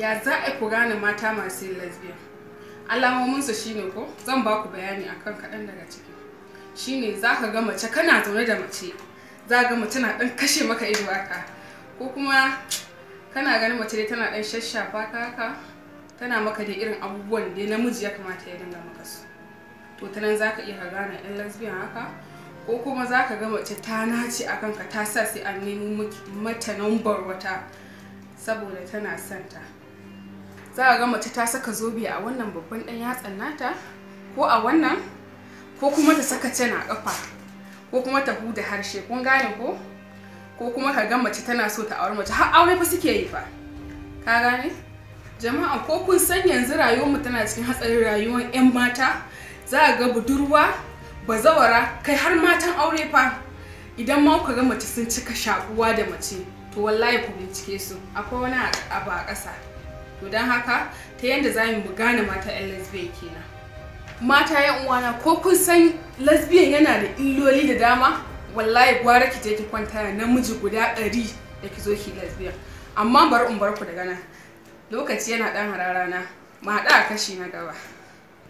ya za a ku gane mata masu yin lesbian alamominsu shine ko zan baku bayani akan kaɗan daga ciki shine za ka ga mace kana zaune da mace za ga mace na ɗan kashe maka ido haka ko kuma kana ganin mace dai tana ɗan shashafa ka haka tana maka dai irin abubuwan da namiji ya kamata ya dinga maka su to ta nan za ka iya gane ɗan lesbian haka ko kuma za ka ga mace ta nace a kanka ta sa sai an nemi mata nambar wata saboda tana santa. za a ga mace ta saka zobe a wannan babban ɗan yatsan nata ko a wannan ko kuma ta saka can a ƙafa ko kuma ta huda harshe kun gane ko ko kuma ka ga mace tana so ta aure mace har aure fa suke yi fa ka gane jama'a ko kun san yanzu rayuwar mu tana cikin hatsarin rayuwar 'yan mata za a ga budurwa bazawara kai har matan aure fa idan ma ku ga mace sun cika shakuwa da mace to wallahi ku bincike su akwai wani abu a ƙasa to don haka ta yadda za mu gane mata 'yan lesbian kenan mata 'yan uwana ko kun san lesbian yana da illoli da dama wallahi gwara ki je ki kwanta da namiji guda ɗari da ki zo ki lesbian amma bar in bar ku daga nan lokaci yana ɗan hararana ma haɗa kashi na gaba